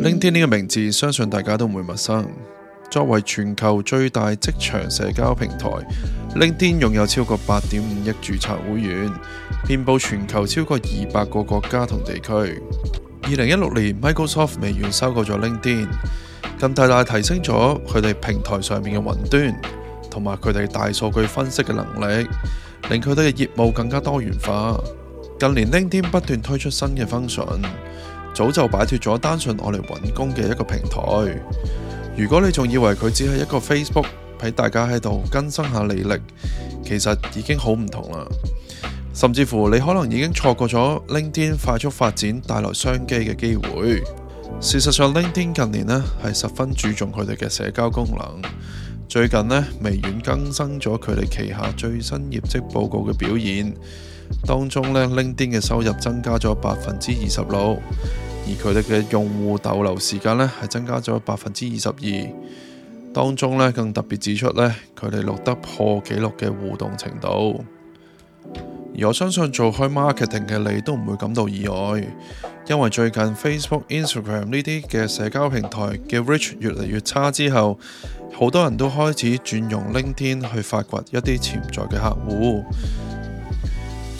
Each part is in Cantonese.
LinkedIn 呢個名字，相信大家都唔會陌生。作為全球最大職場社交平台，LinkedIn 擁有超過八點五億注冊會員，遍布全球超過二百個國家同地區。二零一六年，Microsoft 微軟收購咗 LinkedIn，咁大大提升咗佢哋平台上面嘅雲端同埋佢哋大數據分析嘅能力，令佢哋嘅業務更加多元化。近年，LinkedIn 不斷推出新嘅 function。早就擺脫咗單純我哋揾工嘅一個平台。如果你仲以為佢只係一個 Facebook 俾大家喺度更新下履歷、歷，其實已經好唔同啦。甚至乎你可能已經錯過咗 LinkedIn 快速發展帶來商機嘅機會。事實上，LinkedIn 近年呢係十分注重佢哋嘅社交功能。最近呢，微軟更新咗佢哋旗下最新業績報告嘅表現。當中呢，LinkedIn 嘅收入增加咗百分之二十六，而佢哋嘅用戶逗留時間呢，係增加咗百分之二十二。當中呢，更特別指出呢，佢哋錄得破紀錄嘅互動程度。而我相信做開 marketing 嘅你都唔會感到意外，因為最近 Facebook、Instagram 呢啲嘅社交平台嘅 reach 越嚟越差之後，好多人都開始轉用 LinkedIn 去發掘一啲潛在嘅客戶。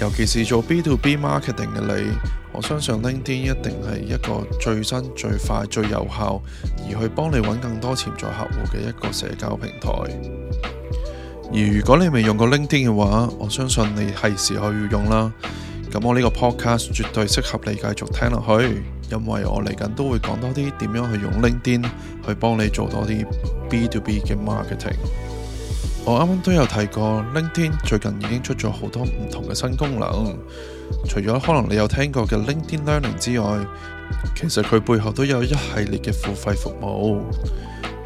尤其是做 B to B marketing 嘅你，我相信 LinkedIn 一定係一個最新、最快、最有效，而去幫你揾更多潛在客戶嘅一個社交平台。而如果你未用過 LinkedIn 嘅話，我相信你係時候要用啦。咁我呢個 podcast 絕對適合你繼續聽落去，因為我嚟緊都會講多啲點樣去用 LinkedIn 去幫你做多啲 B to B 嘅 marketing。我啱啱都有提過，LinkedIn 最近已經出咗好多唔同嘅新功能。除咗可能你有聽過嘅 LinkedIn Learning 之外，其實佢背後都有一系列嘅付費服務。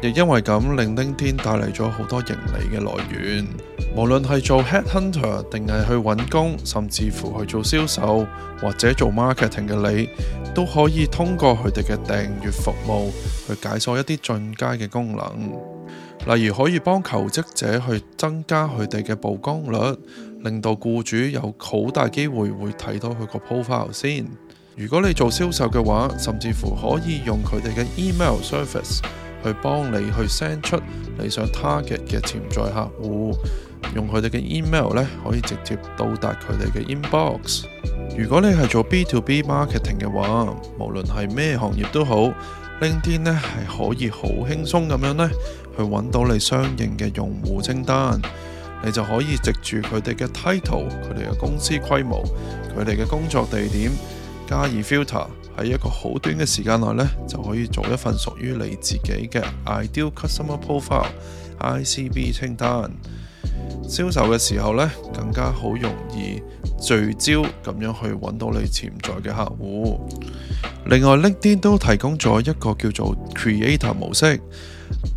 亦因為咁，令 LinkedIn 帶嚟咗好多盈利嘅來源。無論係做 headhunter 定係去揾工，甚至乎去做銷售或者做 marketing 嘅你，都可以通過佢哋嘅訂閱服務去解鎖一啲進階嘅功能。例如可以幫求職者去增加佢哋嘅曝光率，令到雇主有好大機會會睇到佢個 profile 先。如果你做銷售嘅話，甚至乎可以用佢哋嘅 email service 去幫你去 send 出你想 target 嘅潛在客戶，用佢哋嘅 email 呢，可以直接到達佢哋嘅 inbox。如果你係做 B to B marketing 嘅話，無論係咩行業都好。LinkedIn 咧係可以好輕鬆咁樣呢去揾到你相應嘅用戶清單，你就可以藉住佢哋嘅 title、佢哋嘅公司規模、佢哋嘅工作地點，加以 filter，喺一個好短嘅時間內呢，就可以做一份屬於你自己嘅 Ideal Customer Profile ICB 清單。銷售嘅時候呢，更加好容易聚焦咁樣去揾到你潛在嘅客戶。另外，LinkedIn 都提供咗一個叫做 Creator 模式，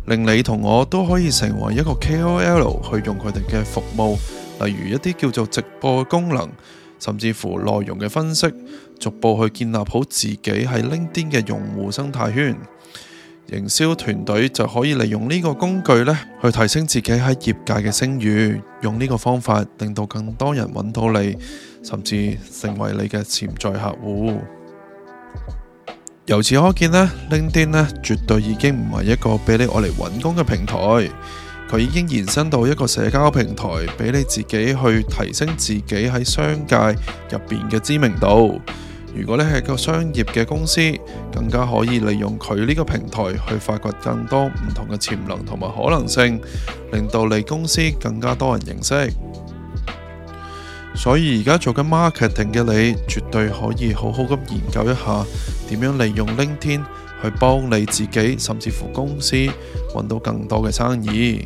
令你同我都可以成為一個 KOL 去用佢哋嘅服務，例如一啲叫做直播功能，甚至乎內容嘅分析，逐步去建立好自己係 LinkedIn 嘅用戶生態圈。營銷團隊就可以利用呢個工具呢，去提升自己喺業界嘅聲譽，用呢個方法令到更多人揾到你，甚至成為你嘅潛在客戶。由此可見呢 LinkedIn 咧，絕對已經唔係一個俾你我嚟揾工嘅平台，佢已經延伸到一個社交平台，俾你自己去提升自己喺商界入邊嘅知名度。如果你係個商業嘅公司，更加可以利用佢呢個平台去發掘更多唔同嘅潛能同埋可能性，令到你公司更加多人認識。所以而家做緊 marketing 嘅你，絕對可以好好咁研究一下，點樣利用 link 天去幫你自己，甚至乎公司揾到更多嘅生意。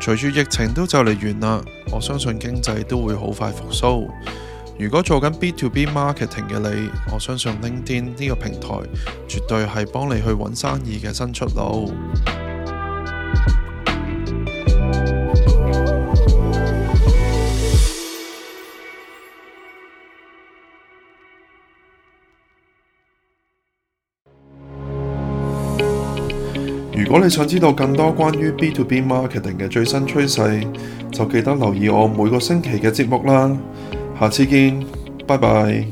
隨住疫情都就嚟完啦，我相信經濟都會好快復蘇。如果做緊 B to B marketing 嘅你，我相信 link 天呢個平台絕對係幫你去揾生意嘅新出路。如果你想知道更多關於 B to B Marketing 嘅最新趨勢，就記得留意我每個星期嘅節目啦。下次見，拜拜。